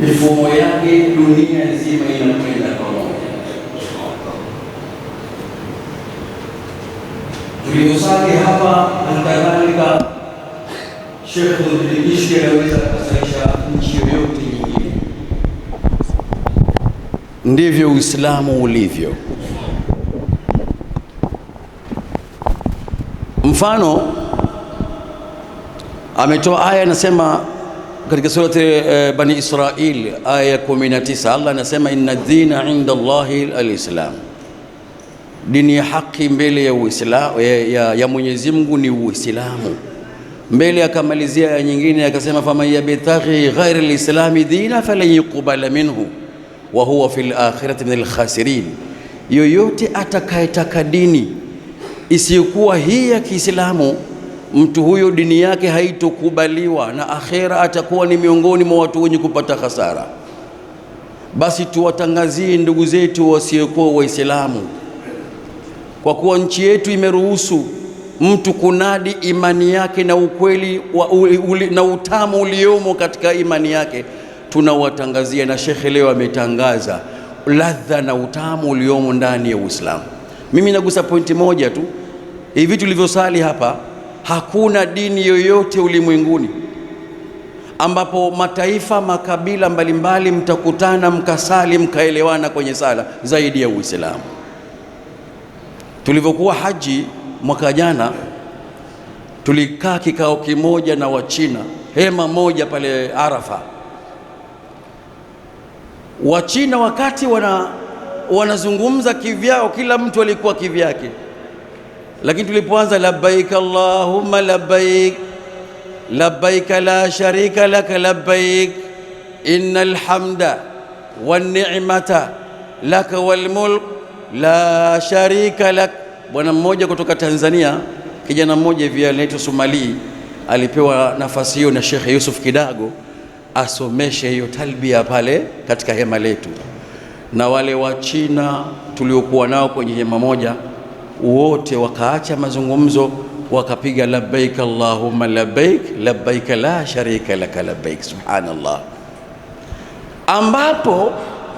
mifumo yake dunia nzima inakwenda pamoja. Tulivyosali hapa, halikadhalika Sheikh Mdrilishi anaweza kusaisha nchi yoyote nyingine. Ndivyo Uislamu ulivyo. Mfano ametoa aya, anasema katika surati eh, Bani Israil aya ya 19, Allah anasema inna dina inda Allahi alislam, dini ya haki mbele ya Uislamu ya, ya, ya Mwenyezi Mungu ni Uislamu. Mbele akamalizia ya nyingine akasema faman yabtaghi ghaira lislami dina falan yuqbala minhu wa huwa fil akhirati min khasirin, yoyote atakayetaka dini isiyokuwa hii ya Kiislamu mtu huyo dini yake haitokubaliwa na akhera atakuwa ni miongoni mwa watu wenye kupata hasara. Basi tuwatangazie ndugu zetu wasiokuwa Waislamu, kwa kuwa nchi yetu imeruhusu mtu kunadi imani yake na ukweli wa uli, na utamu uliomo katika imani yake. Tunawatangazia na shekhe leo ametangaza ladha na utamu uliomo ndani ya Uislamu. Mimi nagusa pointi moja tu, hivi tulivyosali hapa Hakuna dini yoyote ulimwenguni ambapo mataifa makabila mbalimbali mtakutana mkasali mkaelewana kwenye sala zaidi ya Uislamu. Tulivyokuwa haji mwaka jana, tulikaa kikao kimoja na Wachina, hema moja pale Arafa. Wachina wakati wana wanazungumza kivyao, kila mtu alikuwa kivyake lakini tulipoanza labbaik allahumma labbaik labbaik la sharika laka labbaik innal hamda wan ni'mata laka wal mulk la sharika lak. Bwana mmoja kutoka Tanzania, kijana mmoja hivi anaitwa Sumali, alipewa nafasi hiyo na Sheikh Yusuf Kidago asomeshe hiyo talbia pale katika hema letu, na wale wa China tuliokuwa nao kwenye hema moja wote wakaacha mazungumzo wakapiga labbaik allahumma labbaik labbaik la sharika laka labbaik. Subhanallah, ambapo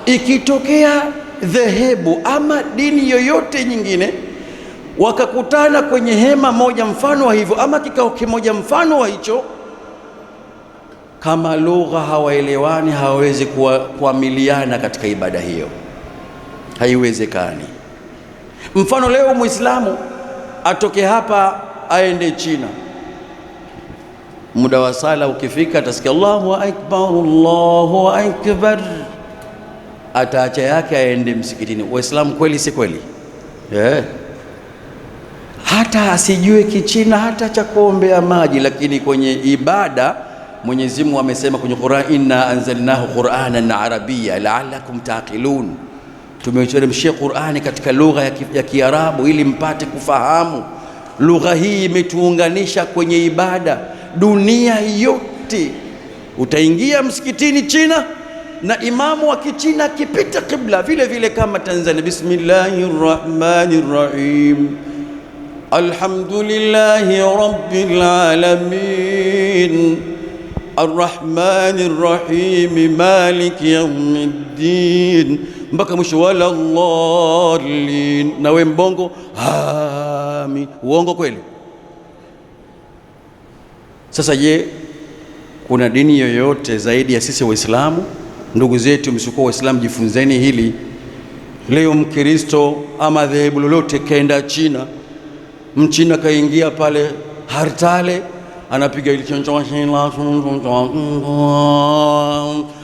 ikitokea dhehebu ama dini yoyote nyingine wakakutana kwenye hema moja mfano wa hivyo, ama kikao kimoja mfano wa hicho, kama lugha hawaelewani, hawawezi kuamiliana katika ibada hiyo, haiwezekani. Mfano leo Muislamu atoke hapa aende China, muda wa sala ukifika atasikia Allahu akbar, Allahu akbar, ataacha yake aende msikitini. Waislamu kweli, si kweli? yeah. hata asijue Kichina hata cha kuombea maji, lakini kwenye ibada Mwenyezi Mungu amesema kwenye Qur'an, inna anzalnahu qur'anan arabia la'allakum taqilun tumeteremshia Qur'ani katika lugha ya Kiarabu ili mpate kufahamu. Lugha hii imetuunganisha kwenye ibada dunia yote. Utaingia msikitini China na imamu wa Kichina akipita kibla vile vile kama Tanzania, bismillahir rahmanir rahim alhamdulillahi rabbil alamin arrahmanir rahim maliki yawmiddin mpaka mwisho, wala dhalin. Na we mbongo ami, uongo kweli. Sasa je, kuna dini yoyote zaidi ya sisi Waislamu? Ndugu zetu msikuwa Waislamu, jifunzeni hili. Leo Mkristo ama dhehebu lolote kaenda China, Mchina kaingia pale Hartale anapiga ili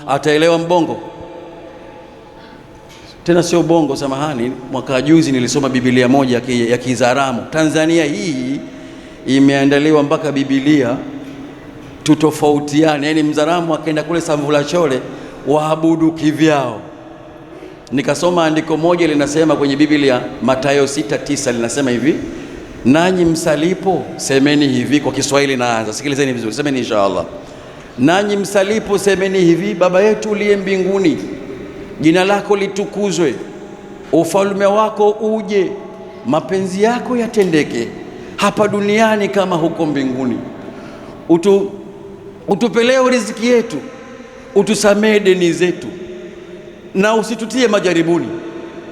ataelewa mbongo tena sio bongo, samahani. Mwaka juzi nilisoma Biblia moja ya Kizaramu. Tanzania hii imeandaliwa mpaka Biblia tutofautiane, yaani Mzaramu akaenda kule Chole waabudu kivyao. Nikasoma andiko moja linasema kwenye Biblia, Mathayo 6:9 linasema hivi, nanyi msalipo semeni hivi. Kwa Kiswahili naanza, sikilizeni vizuri, semeni inshallah Nanyi msalipo semeni hivi, Baba yetu uliye mbinguni jina lako litukuzwe, ufalme wako uje, mapenzi yako yatendeke hapa duniani kama huko mbinguni. Utu, utupelee riziki yetu, utusamee deni zetu, na usitutie majaribuni,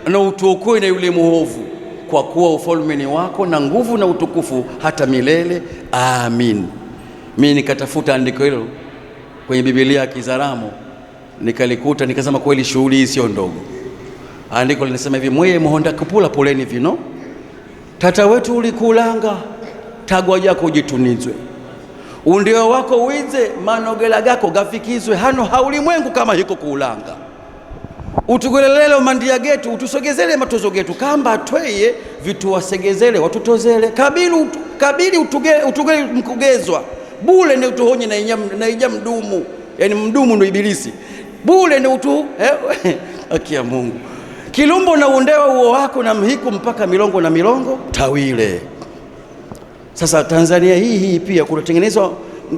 na utuokoe na yule mwovu, kwa kuwa ufalme ni wako na nguvu na utukufu hata milele. Amin. Mimi nikatafuta andiko hilo kwenye Biblia ya Kizaramo nikalikuta nikasema, kweli shughuli hii sio ndogo. Andiko linasema hivi, mweye muhonda kupula poleni vino tata wetu ulikulanga tagwa jako ujitunizwe undio wako wize manogela gako gafikizwe hano haulimwengu kama hiko kuulanga utugelelele mandia getu utusogezele matozo getu kamba tweye vituwasegezele watutozele kabili, utu, kabili utuge, utuge, mkugezwa bule ni utuhonye na ija mdumu yani mdumu ndo ibilisi bule ni utu eh? haki ya Mungu. Kilumbo na undewa uo wako na mhiku mpaka milongo na milongo tawile. Sasa Tanzania hii hii pia kunatengenezwa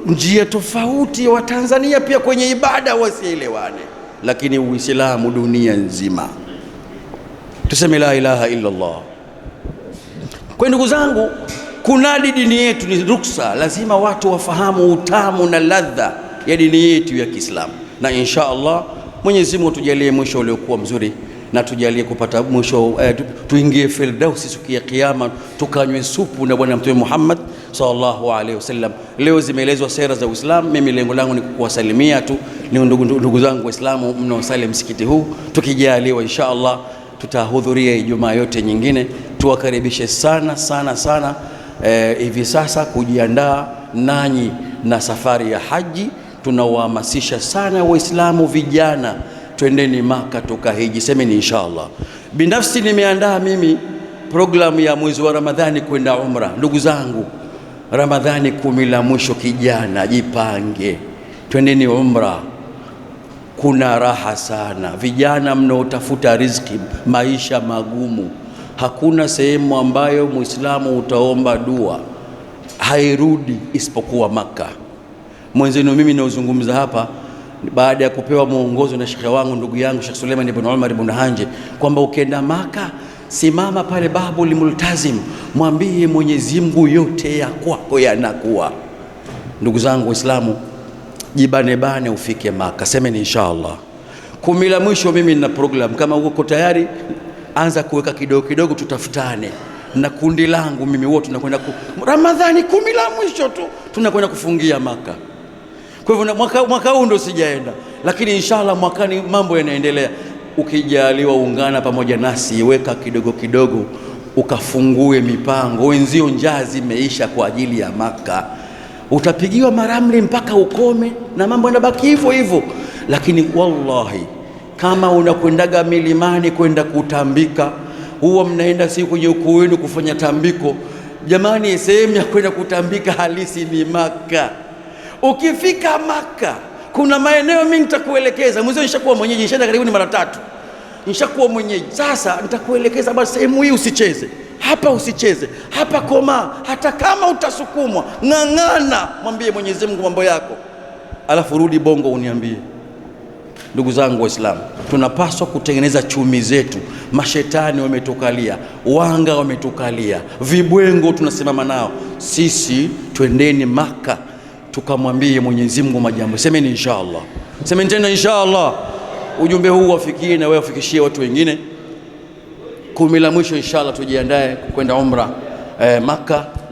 njia tofauti, wa Tanzania pia kwenye ibada wasielewane, lakini Uislamu dunia nzima tuseme la ilaha illa Allah. Kwa ndugu zangu, kunadi dini yetu ni ruksa, lazima watu wafahamu utamu na ladha ya dini yetu ya Kiislamu na insha Allah Mwenyezi Mungu tujalie mwisho uliokuwa mzuri na tujalie kupata mwisho eh, tuingie Firdausi siku ya Kiyama, tukanywe supu na Bwana Mtume Muhammad sallallahu alaihi wasallam. Leo zimeelezwa sera za Uislamu. Mimi lengo langu ni kuwasalimia tu ni ndugu, ndugu zangu Waislamu mnaosali msikiti huu, tukijaliwa insha Allah tutahudhuria Ijumaa yote nyingine. Tuwakaribishe sana sana sana eh, hivi eh, sasa kujiandaa nanyi na safari ya haji tunawahamasisha sana Waislamu vijana, twendeni Maka tukahiji, semeni inshallah. Binafsi nimeandaa mimi programu ya mwezi wa Ramadhani kwenda umra. Ndugu zangu, Ramadhani kumi la mwisho, kijana jipange, twendeni umra. Kuna raha sana. Vijana mnaotafuta riziki, maisha magumu, hakuna sehemu ambayo Muislamu utaomba dua hairudi isipokuwa Makkah mwenzenu mimi naozungumza hapa baada ya kupewa mwongozo na shekhe wangu ndugu yangu Sheikh Suleiman ibn Umar ibn Hanje kwamba ukienda Maka simama pale babul multazim, mwambie Mwenyezi Mungu yote ya kwako yanakuwa. Ndugu zangu Waislamu, jibane bane ufike Maka, semeni inshallah. Kumi la mwisho, mimi nina program, kama uko tayari anza kuweka kidogo kidogo, tutafutane na kundi langu mimi, wote tunakwenda ku... Ramadhani kumi la mwisho tu tunakwenda kufungia Maka. Kwa hivyo mwaka, mwaka huu ndo sijaenda, lakini inshallah mwakani mambo yanaendelea. Ukijaliwa ungana pamoja nasi, weka kidogo kidogo, ukafungue mipango. Wenzio njaa zimeisha kwa ajili ya Maka, utapigiwa maramli mpaka ukome na mambo yanabaki hivyo hivyo, lakini wallahi kama unakwendaga milimani kwenda kutambika, huwa mnaenda si kwenye ukoo wenu kufanya tambiko. Jamani, sehemu ya kwenda kutambika halisi ni Maka. Ukifika Maka kuna maeneo mimi nitakuelekeza. Mwenzio nishakuwa mwenyeji, nishaenda ni mara tatu, nishakuwa mwenyeji. Sasa nitakuelekeza basi, sehemu hii usicheze hapa, usicheze hapa, koma Hata kama utasukumwa, ng'ang'ana, mwambie Mwenyezi Mungu mambo yako, alafu rudi Bongo uniambie. Ndugu zangu Waislamu, tunapaswa kutengeneza chumi zetu. Mashetani wametukalia, wanga wametukalia, vibwengo tunasimama nao. Sisi twendeni Maka tukamwambie Mwenyezi Mungu majambo. Semeni inshallah semeni tena inshallah Ujumbe huu wafikie na wewe ufikishie watu wengine. Kumi la mwisho inshallah tujiandae kwenda umra eh, Makka.